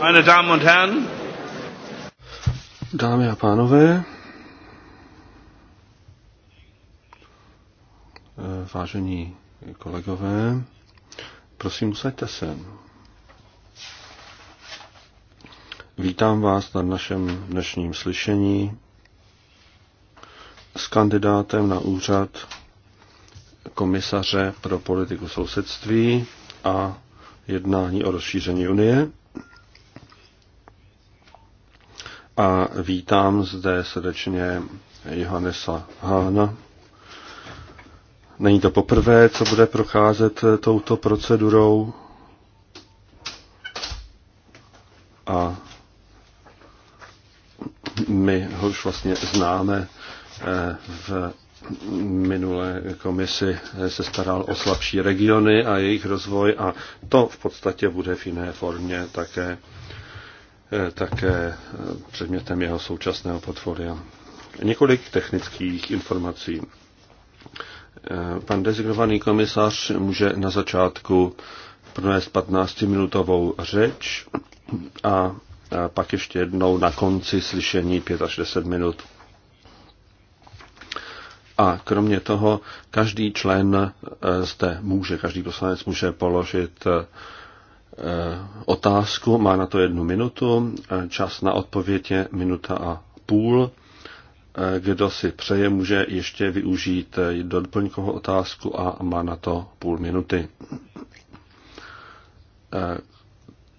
Meine Damen und Herren, Dámy a pánové, vážení kolegové, prosím, usaďte se. Vítám vás na našem dnešním slyšení s kandidátem na úřad komisaře pro politiku sousedství a jednání o rozšíření Unie. A vítám zde srdečně Johannesa Hána. Není to poprvé, co bude procházet touto procedurou. A my ho už vlastně známe eh, v minulé komisi se staral o slabší regiony a jejich rozvoj a to v podstatě bude v jiné formě také, eh, také eh, předmětem jeho současného portfolia. Několik technických informací. Eh, pan designovaný komisař může na začátku pronést 15-minutovou řeč a pak ještě jednou na konci slyšení 5 až 10 minut. A kromě toho každý člen eh, zde může, každý poslanec může položit eh, otázku, má na to jednu minutu, eh, čas na odpověď je minuta a půl. Kdo si přeje, může ještě využít doplňkovou otázku a má na to půl minuty.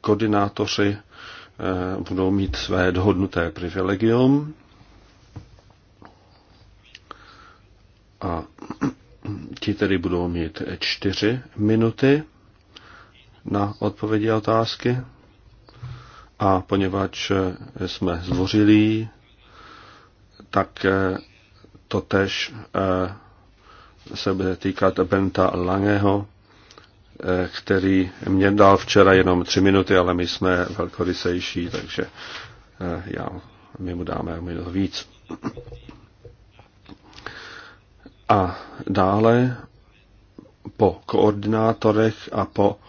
Koordinátoři budou mít své dohodnuté privilegium Ti tedy budou mít čtyři minuty na odpovědi a otázky. A poněvadž jsme zdvořilí, tak to tež eh, se bude týkat Benta Langeho, eh, který mě dal včera jenom tři minuty, ale my jsme velkorysejší, takže eh, já, my mu dáme minutu víc. A dále po koordinátorech a po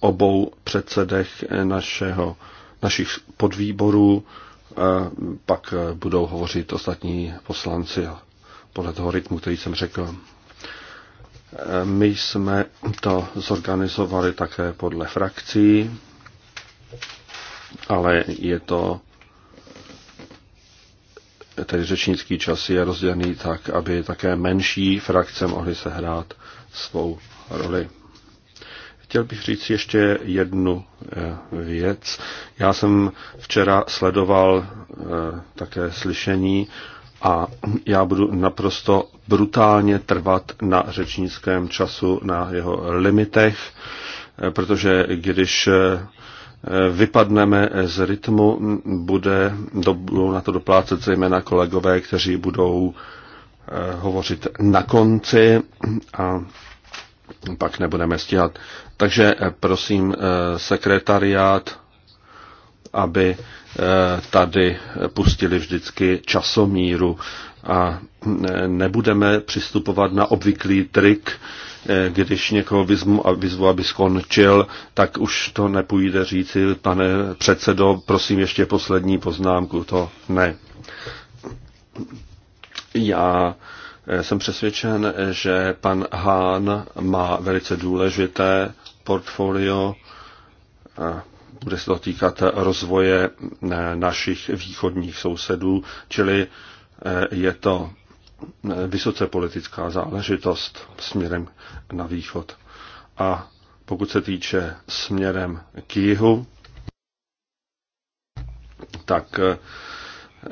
obou předsedech našeho, našich podvýborů eh, pak budou hovořit ostatní poslanci podle toho rytmu, který jsem řekl. Eh, my jsme to zorganizovali také podle frakcí, ale je to tedy řečnický čas je rozdělený tak, aby také menší frakce mohly sehrát svou roli. Chtěl bych říct ještě jednu eh, věc. Já jsem včera sledoval eh, také slyšení a já budu naprosto brutálně trvat na řečnickém času, na jeho limitech, eh, protože když vypadneme z rytmu, bude, budou na to doplácet zejména kolegové, kteří budou eh, hovořit na konci a pak nebudeme stíhat. Takže eh, prosím eh, sekretariát, aby eh, tady pustili vždycky časomíru a eh, nebudeme přistupovat na obvyklý trik, eh, když někoho vyzvu, vyzvu, aby skončil, tak už to nepůjde říci, pane předsedo, prosím ještě poslední poznámku, to ne. Já jsem přesvědčen, že pan Hán má velice důležité portfolio bude se to týkat rozvoje eh, našich východních sousedů, čili eh, je to eh, vysoce politická záležitost směrem na východ. A pokud se týče směrem k jihu, tak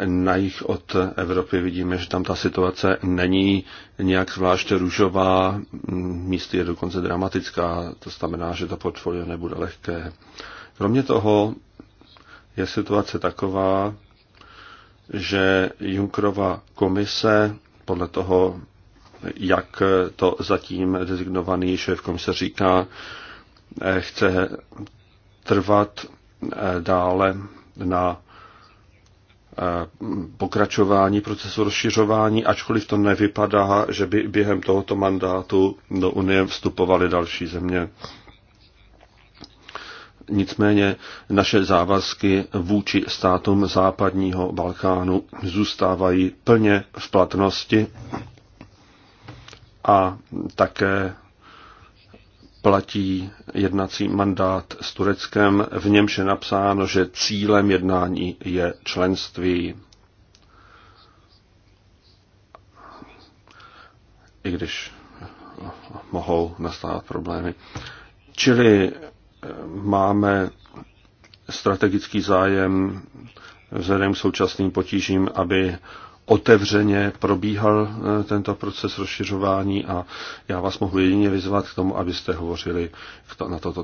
na jich od Evropy vidíme, že tam ta situace není nějak zvlášť růžová, místy je dokonce dramatická, to znamená, že to portfolio nebude lehké. Kromě toho je situace taková, že Junkrova komise podle toho, jak to zatím designovaný šéf komise říká, eh, chce trvat eh, dále na pokračování procesu rozšiřování, ačkoliv to nevypadá, že by během tohoto mandátu do Unie vstupovaly další země. Nicméně naše závazky vůči státům západního Balkánu zůstávají plně v platnosti a také platí jednací mandát s Tureckem, v němž je napsáno, že cílem jednání je členství. I když mohou nastávat problémy. Čili eh, máme strategický zájem vzhledem k současným potížím, aby otevřeně probíhal eh, tento proces rozšiřování a já vás mohu jedině vyzvat k tomu, abyste hovořili na toto.